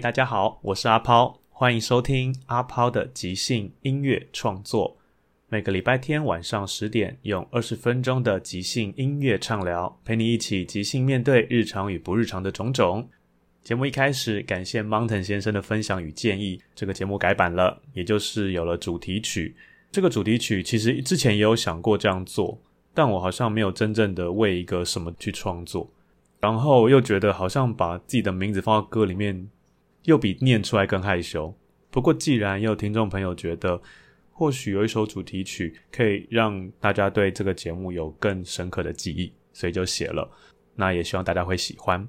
大家好，我是 APOW，歡迎收聽 APOW 的即興音樂創作。每個禮拜天晚上十點，用二十分鐘的即興音樂唱聊，陪你一起即興面對日常與不日常的種種。節目一開始，感謝 Mountain 先生的分享與建議。這個節目改版了，也就是有了主題曲。這個主題曲其實之前也有想過這樣做，但我好像沒有真正的為一個什麼去創作，然後又覺得好像把自己的名字放到歌裡面。又比念出來更害羞。不過，既然也有聽眾朋友覺得，或許有一首主題曲可以讓大家對這個節目有更深刻的記憶，所以就寫了。那也希望大家會喜歡。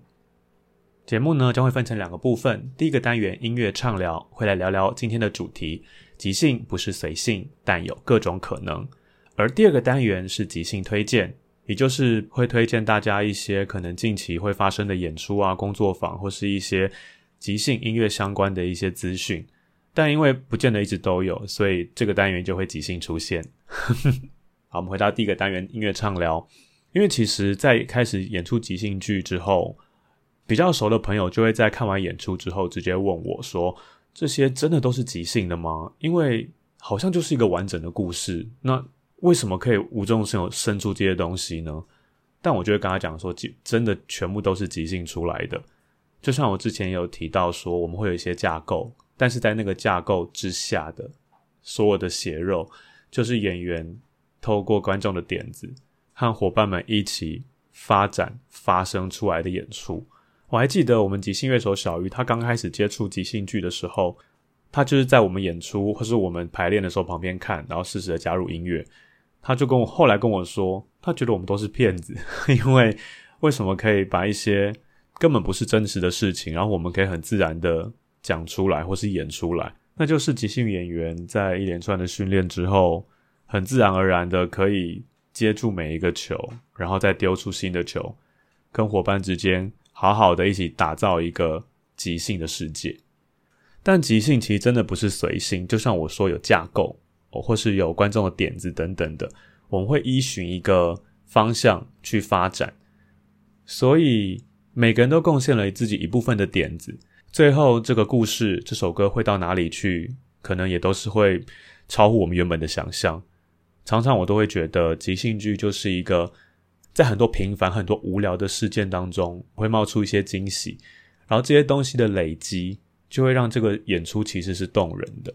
節目呢將會分成兩個部分，第一個單元音樂唱聊會來聊聊今天的主題：即興不是隨興，但有各種可能。而第二個單元是即興推薦，也就是會推薦大家一些可能近期會發生的演出啊、工作坊或是一些。即興音樂相關的一些資訊，但因為不見得一直都有，所以這個單元就會即興出現。 好，我們回到第一個單元音樂唱聊，因為其實在開始演出即興劇之後，比較熟的朋友就會在看完演出之後直接問我說：“這些真的都是即興的嗎？因為好像就是一個完整的故事，那為什麼可以無中生有生出這些東西呢？”但我就會跟他講說：“就真的全部都是即興出來的。”就像我之前有提到說，我們會有一些架構，但是在那個架構之下的所有的血肉，就是演員透過觀眾的點子和夥伴們一起發展發生出來的演出。我還記得我們即興樂手小瑜，他剛開始接觸即興劇的時候，他就是在我們演出或是我們排練的時候旁邊看，然後適時的加入音樂。他就跟我後來跟我說，他覺得我們都是騙子，因為為什麼可以把一些根本不是真實的事情，然後我們可以很自然的講出來，或是演出來，那就是即興演員在一連串的訓練之後，很自然而然的可以接住每一個球，然後再丟出新的球，跟夥伴之間好好的一起打造一個即興的世界。但即興其實真的不是隨興，就像我說有架構，或是有觀眾的點子等等的，我們會依循一個方向去發展，所以。每個人都貢獻了自己一部分的點子，最後這個故事、這首歌會到哪裡去，可能也都是會超乎我們原本的想象。常常我都會覺得即興劇就是一個在很多平凡、很多無聊的事件當中會冒出一些驚喜，然後這些東西的累積，就會讓這個演出其實是動人的，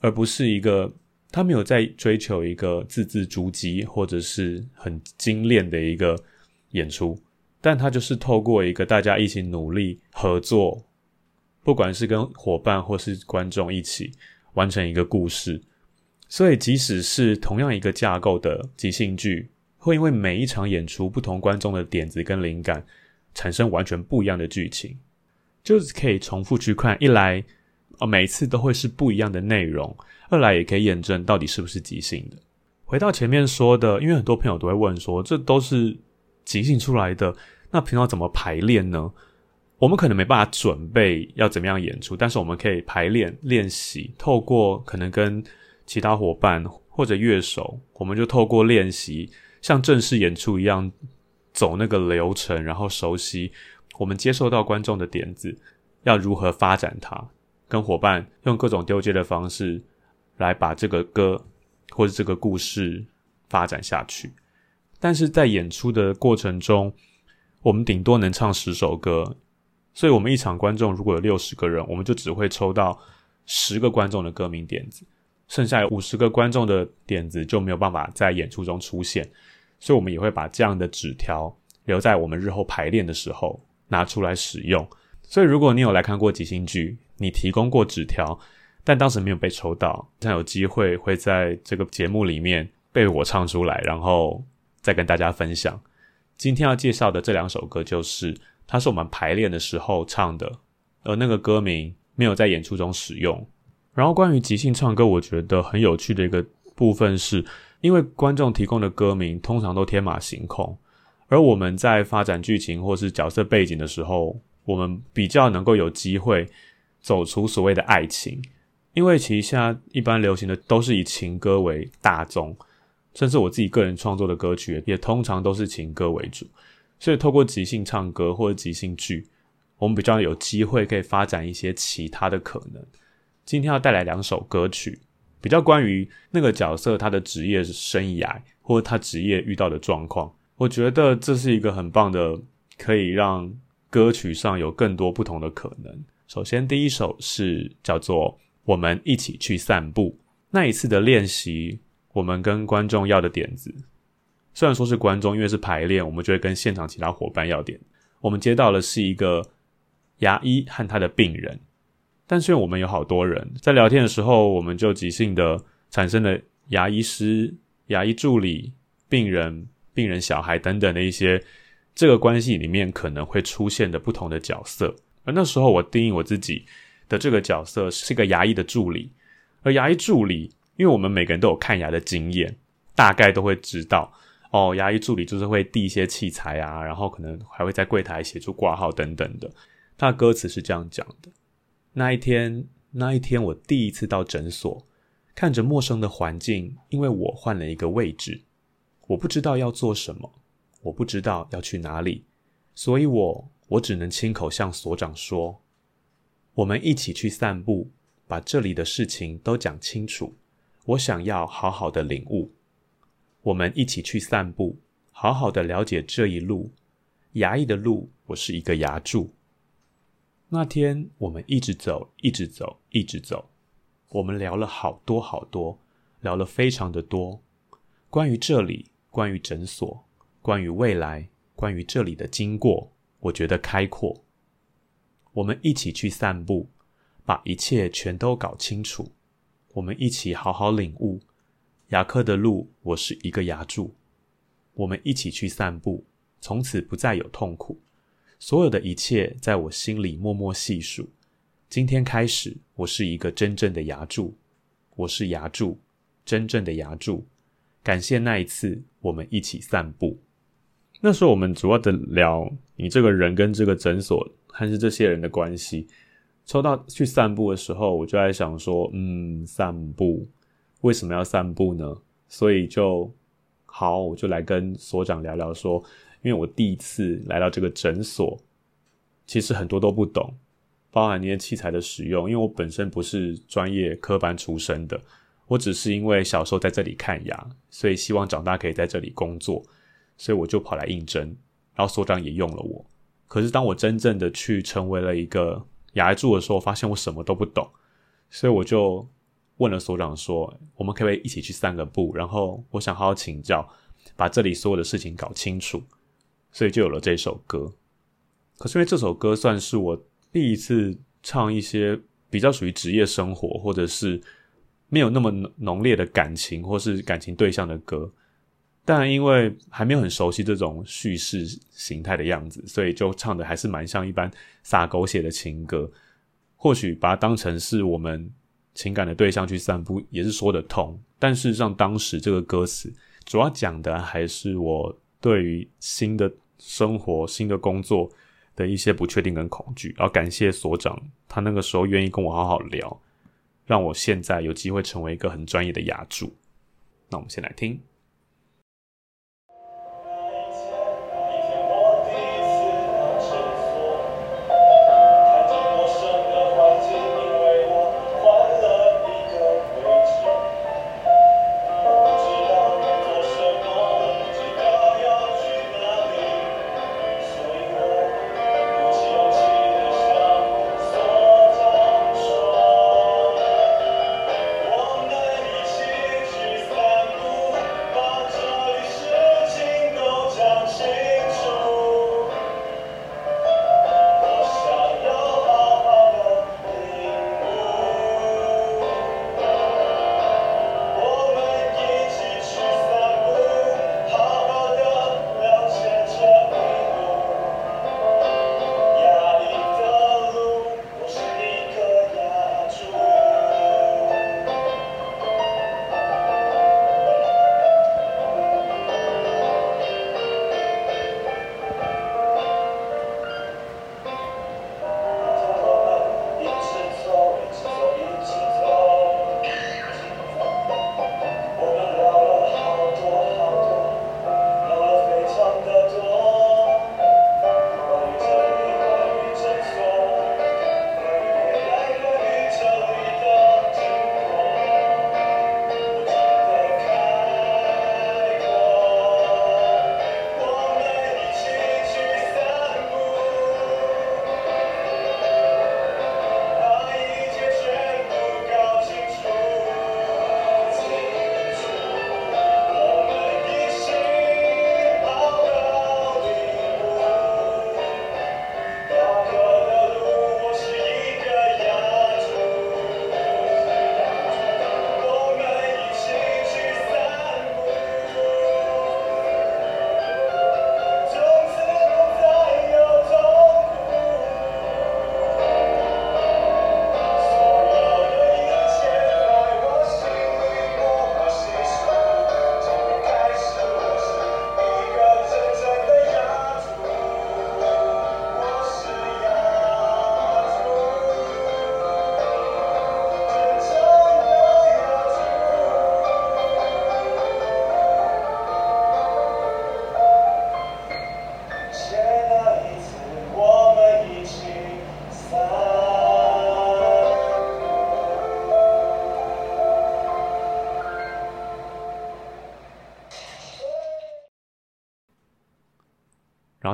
而不是一個他沒有在追求一個字字珠璣或者是很精煉的一個演出。但它就是透過一個大家一起努力合作，不管是跟伙伴或是觀眾一起完成一個故事，所以即使是同樣一個架構的即興劇，會因為每一場演出不同觀眾的點子跟靈感，產生完全不一樣的劇情，就是可以重複去看。一來，呃，每一次都會是不一樣的內容；二來，也可以驗證到底是不是即興的。回到前面說的，因為很多朋友都會問說，這都是。即興出來的，那平常怎麼排練呢？我們可能沒辦法準備要怎麼樣演出，但是我們可以排練練習，透過可能跟其他夥伴或者樂手，我們就透過練習，像正式演出一樣走那個流程，然後熟悉我們接受到觀眾的點子，要如何發展它，跟夥伴用各種丟接的方式，來把這個歌或者這個故事發展下去。但是在演出的過程中，我們頂多能唱十首歌，所以，我們一場觀眾如果有六十個人，我們就只會抽到十個觀眾的歌名點子，剩下五十個觀眾的點子就沒有辦法在演出中出現，所以我們也會把這樣的紙條留在我們日後排練的時候拿出來使用。所以，如果你有來看過即興劇，你提供過紙條，但當時沒有被抽到，但有機會會在這個節目裡面被我唱出來，然後。再跟大家分享，今天要介紹的這兩首歌，就是它是我們排練的時候唱的，而那個歌名沒有在演出中使用。然後，關於即興唱歌，我覺得很有趣的一個部分是，因為觀眾提供的歌名通常都天馬行空，而我們在發展劇情或是角色背景的時候，我們比較能夠有機會走出所謂的愛情，因為旗下，一般流行的都是以情歌為大宗。甚至我自己個人創作的歌曲也通常都是情歌為主，所以透過即興唱歌或者即興劇，我們比較有機會可以發展一些其他的可能。今天要帶來兩首歌曲，比較關於那個角色他的職業生涯或他職業遇到的狀況。我覺得這是一個很棒的，可以讓歌曲上有更多不同的可能。首先第一首是叫做《我們一起去散步》，那一次的練習。我們跟觀眾要的點子，雖然說是觀眾，因為是排練，我們就會跟現場其他夥伴要點。我們接到的是一個牙醫和他的病人，但是我們有好多人在聊天的時候，我們就即興的產生了牙醫師、牙醫助理、病人、病人小孩等等的一些這個關係裡面可能會出現的不同的角色。而那時候我定義我自己的這個角色是一個牙醫的助理，而牙醫助理。因為我們每個人都有看牙的經驗，大概都會知道，哦，牙醫助理就是會遞一些器材啊，然後可能還會在櫃檯協助掛號等等的。他的歌詞是這樣講的：那一天，那一天我第一次到診所，看着陌生的環境，因為我換了一個位置，我不知道要做什麼，我不知道要去哪裡，所以我，我只能親口向所長說：我們一起去散步，把這裡的事情都講清楚。我想要好好的領悟，我們一起去散步，好好的了解這一路牙醫的路。我是一個牙助。那天我們一直走，一直走，一直走。我們聊了好多好多，聊了非常的多，關於這裡，關於診所，關於未來，關於這裡的經過。我覺得開闊。我們一起去散步，把一切全都搞清楚。我們一起好好領悟牙科的路，我是一個牙助。我們一起去散步，從此不再有痛苦。所有的一切在我心裡默默細數。今天開始，我是一個真正的牙助。我是牙助，真正的牙助。感謝那一次我們一起散步。那時候我們主要的聊你這個人跟這個診所，還是這些人的關係。抽到去散步的時候，我就在想說，嗯，散步為什麼要散步呢？所以就好，我就來跟所長聊聊說，因為我第一次來到這個診所，其實很多都不懂，包含那些器材的使用，因為我本身不是專業科班出身的，我只是因為小時候在這裡看牙，所以希望長大可以在這裡工作，所以我就跑來應徵，然後所長也用了我。可是當我真正的去成為了一個牙住的時候，發現我什麼都不懂，所以我就問了所長說：“我們可不可以一起去散個步，然後我想好好請教，把這裡所有的事情搞清楚。”所以就有了這首歌。可是因為這首歌算是我第一次唱一些比較屬於職業生活，或者是沒有那麼濃烈的感情，或是感情對象的歌。但因為還沒有很熟悉這種敘事形態的樣子，所以就唱的還是蠻像一般撒狗血的情歌。或許把它當成是我們情感的對象去散步也是說得通。但事實上，當時這個歌詞主要講的還是我對於新的生活、新的工作的一些不確定跟恐懼。然後感謝所長，他那個時候願意跟我好好聊，讓我現在有機會成為一個很專業的牙助。那我們先來聽。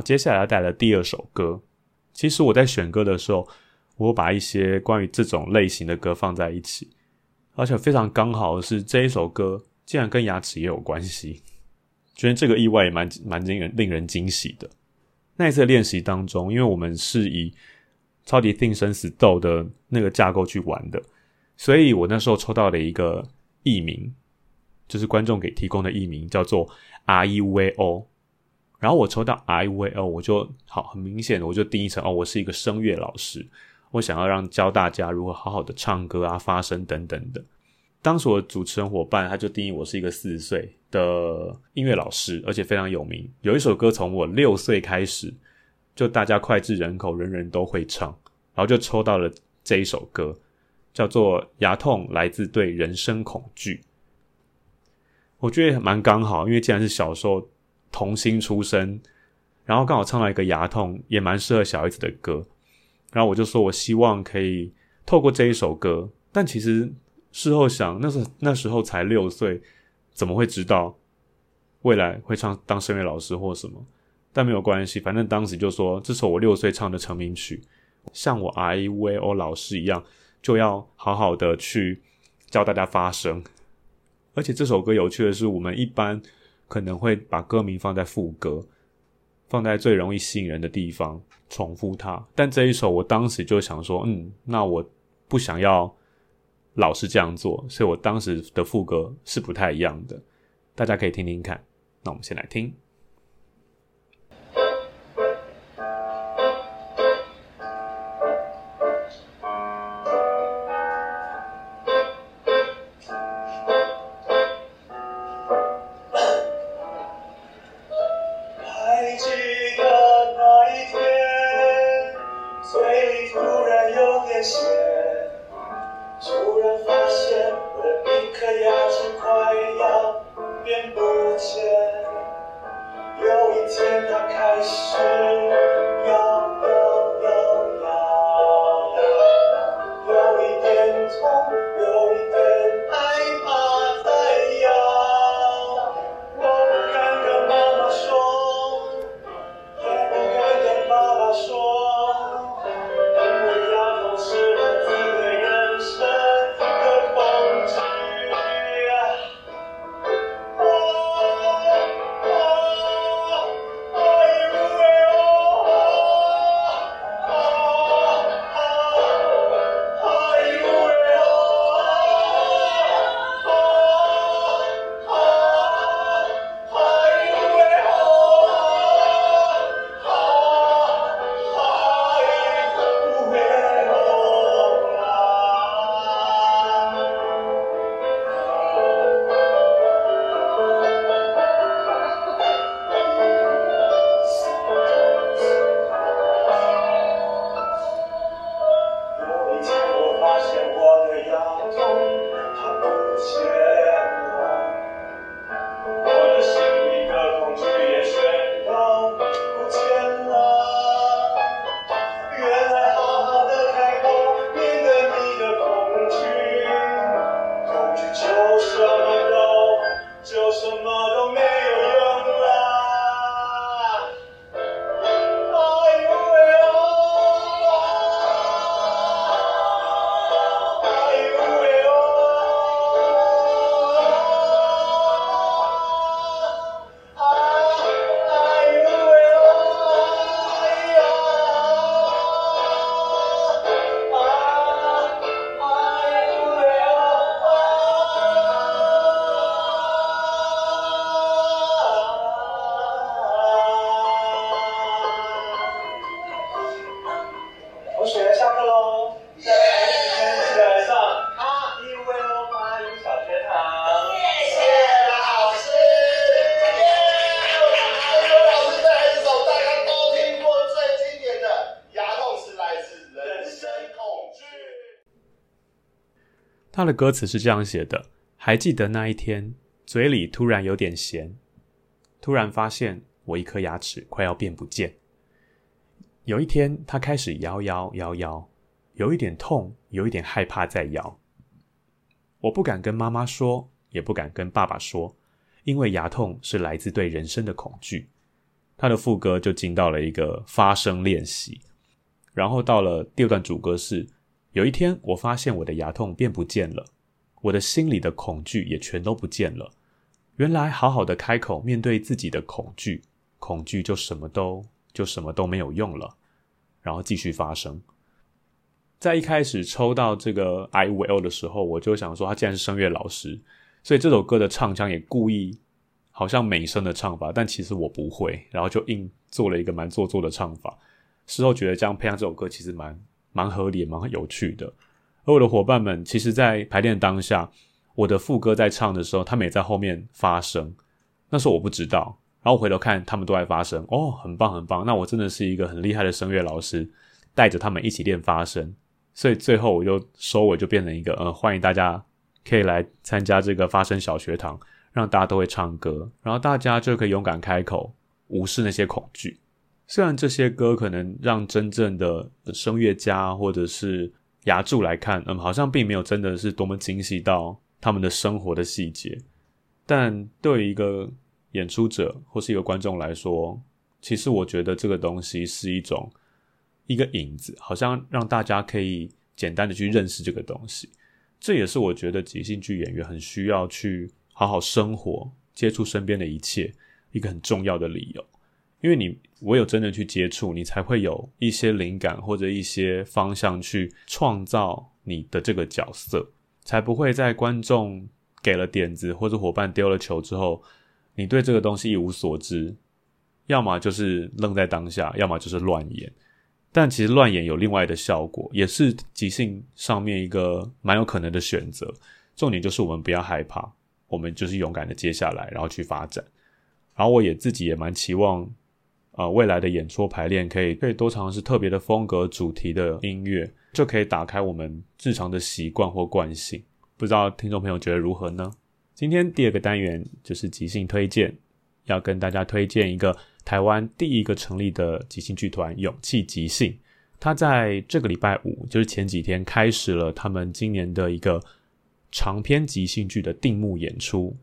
接下來要帶來第二首歌，其實我在選歌的時候，我把一些關於這種類型的歌放在一起，而且非常剛好是這一首歌竟然跟牙齒也有關係，覺得這個意外也蠻蠻令人令人驚喜的。那一次的練習當中，因為我們是以超級 think 生死鬥的那個架構去玩的，所以我那時候抽到了一個藝名，就是觀眾給提供的藝名，叫做 REVO。然後我抽到 I V o 我就好，很明顯的，我就定義成哦，我是一個聲樂老師，我想要讓教大家如何好好的唱歌啊、發聲等等的。當時我的主持人夥伴他就定義我是一個四十歲的音樂老師，而且非常有名，有一首歌從我六歲開始就大家膾炙人口，人人都會唱，然後就抽到了這一首歌，叫做《牙痛來自對人生恐懼》，我覺得蠻剛好，因為既然是小時候。童星出身，然後剛好唱了一個牙痛，也蠻適合小孩子的歌。然後我就說，我希望可以透過這一首歌。但其實事後想，那時那時候才六歲，怎麼會知道未來會唱當聲樂老師或什麼？但沒有關係，反正當時就說，這是我六歲唱的成名曲，像我 IWO 老師一樣，就要好好的去教大家發聲。而且這首歌有趣的是，我們一般。可能會把歌名放在副歌，放在最容易吸引人的地方，重複它。但這一首，我當時就想說，嗯，那我不想要老是這樣做，所以我當時的副歌是不太一樣的。大家可以聽聽看。那我們先來聽。他的歌詞是這樣寫的：還記得那一天，嘴裡突然有點鹹，突然發現我一顆牙齒快要變不見。有一天，他開始搖搖搖搖，有一點痛，有一點害怕，在搖，我不敢跟媽媽說，也不敢跟爸爸說，因為牙痛是來自對人生的恐懼。他的副歌就進到了一個發聲練習，然後到了第二段主歌是。有一天，我發現我的牙痛變不見了，我的心裡的恐懼也全都不見了。原來，好好的開口面對自己的恐懼，恐懼就什麼都就什麼都沒有用了，然後繼續發生。在一開始抽到這個 I Will 的時候，我就想說，他既然是聲樂老師，所以這首歌的唱腔也故意好像美聲的唱法，但其實我不會，然後就硬做了一個蠻做作的唱法。事後覺得這樣配上這首歌，其實蠻。蠻合理，蠻有趣的。而我的夥伴們，其實，在排練當下，我的副歌在唱的時候，他們也在後面發聲。那時候我不知道，然後回頭看，他們都在發聲，哦，很棒，很棒。那我真的是一個很厲害的聲樂老師，帶着他們一起練發聲。所以最後，我就收尾，就變成一個，嗯，呃，歡迎大家可以來參加這個發聲小學堂，讓大家都會唱歌，然後大家就可以勇敢開口，無視那些恐懼。雖然這些歌可能讓真正的聲樂家或者是牙助來看，嗯，好像並沒有真的是多麼精細到他們的生活的細節，但對於一個演出者或是一個觀眾來說，其實我覺得這個東西是一種一個影子，好像讓大家可以簡單的去認識這個東西。這也是我覺得即興劇演員很需要去好好生活、接觸身邊的一切，一個很重要的理由。因為你，唯有真的去接觸，你才會有一些靈感或者一些方向去創造你的這個角色，才不會在觀眾給了點子或者夥伴丟了球之後，你對這個東西一無所知，要麼就是愣在當下，要麼就是亂演。但其實亂演有另外的效果，也是即興上面一個蠻有可能的選擇。重點就是我們不要害怕，我們就是勇敢的接下來，然後去發展。然後我也自己也蠻期望，啊，未來的演出排練可以可以多嘗試特別的風格、主題的音樂，就可以打開我們日常的習慣或慣性。不知道聽眾朋友覺得如何呢？今天第二個單元就是即興推薦，要跟大家推薦一個台灣第一個成立的即興劇團——勇氣即興。他在這個禮拜五，就是前幾天開始了他們今年的一個長篇即興劇的定目演出，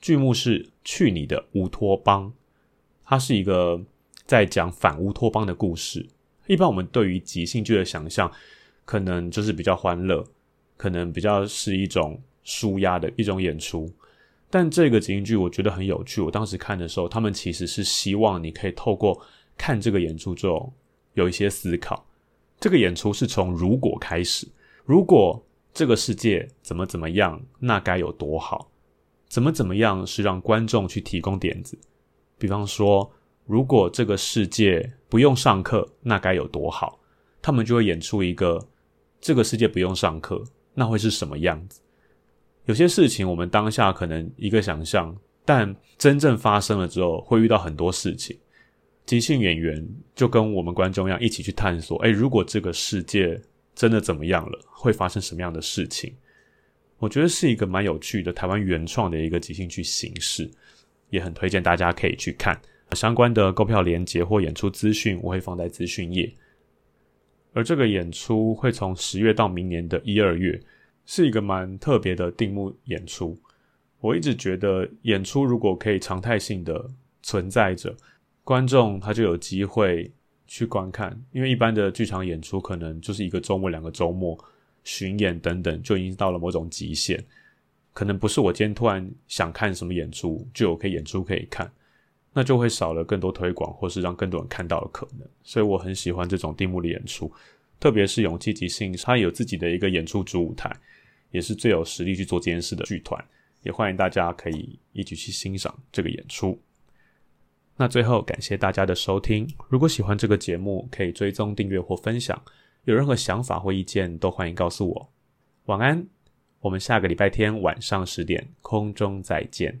劇目是《去你的烏托邦》，它是一個。在講反烏托邦的故事。一般我們對於即興劇的想象，可能就是比較歡樂，可能比較是一種舒壓的一種演出。但這個即興劇我覺得很有趣。我當時看的時候，他們其實是希望你可以透過看這個演出之後，有一些思考。這個演出是從“如果”開始，“如果這個世界怎麼怎麼樣，那該有多好？”“怎麼怎麼樣”是讓觀眾去提供點子，比方說。如果這個世界不用上課，那該有多好！他們就會演出一個這個世界不用上課，那會是什麼樣子？有些事情我們當下可能一個想象，但真正發生了之後，會遇到很多事情。即興演員就跟我們觀眾一樣，一起去探索：哎，如果這個世界真的怎麼樣了，會發生什麼樣的事情？我覺得是一個蠻有趣的台灣原創的一個即興劇形式，也很推薦大家可以去看。相關的購票連結或演出資訊，我會放在資訊頁。而這個演出會從十月到明年的一二月，是一個蠻特別的定目演出。我一直覺得，演出如果可以常態性的存在着，觀眾他就有機會去觀看。因為一般的劇場演出，可能就是一個周末、兩個周末巡演等等，就已經到了某種極限。可能不是我今天突然想看什麼演出，就有可以演出可以看。那就會少了更多推廣或是讓更多人看到的可能，所以我很喜歡這種定目的演出，特別是勇氣即興，他有自己的一個演出主舞台，也是最有實力去做這件事的劇團，也歡迎大家可以一起去欣賞這個演出。 那最後感謝大家的收聽，如果喜歡這個節目，可以追蹤訂閱或分享，有任何想法或意見都歡迎告訴我。晚安，我們下個禮拜天晚上十點空中再見。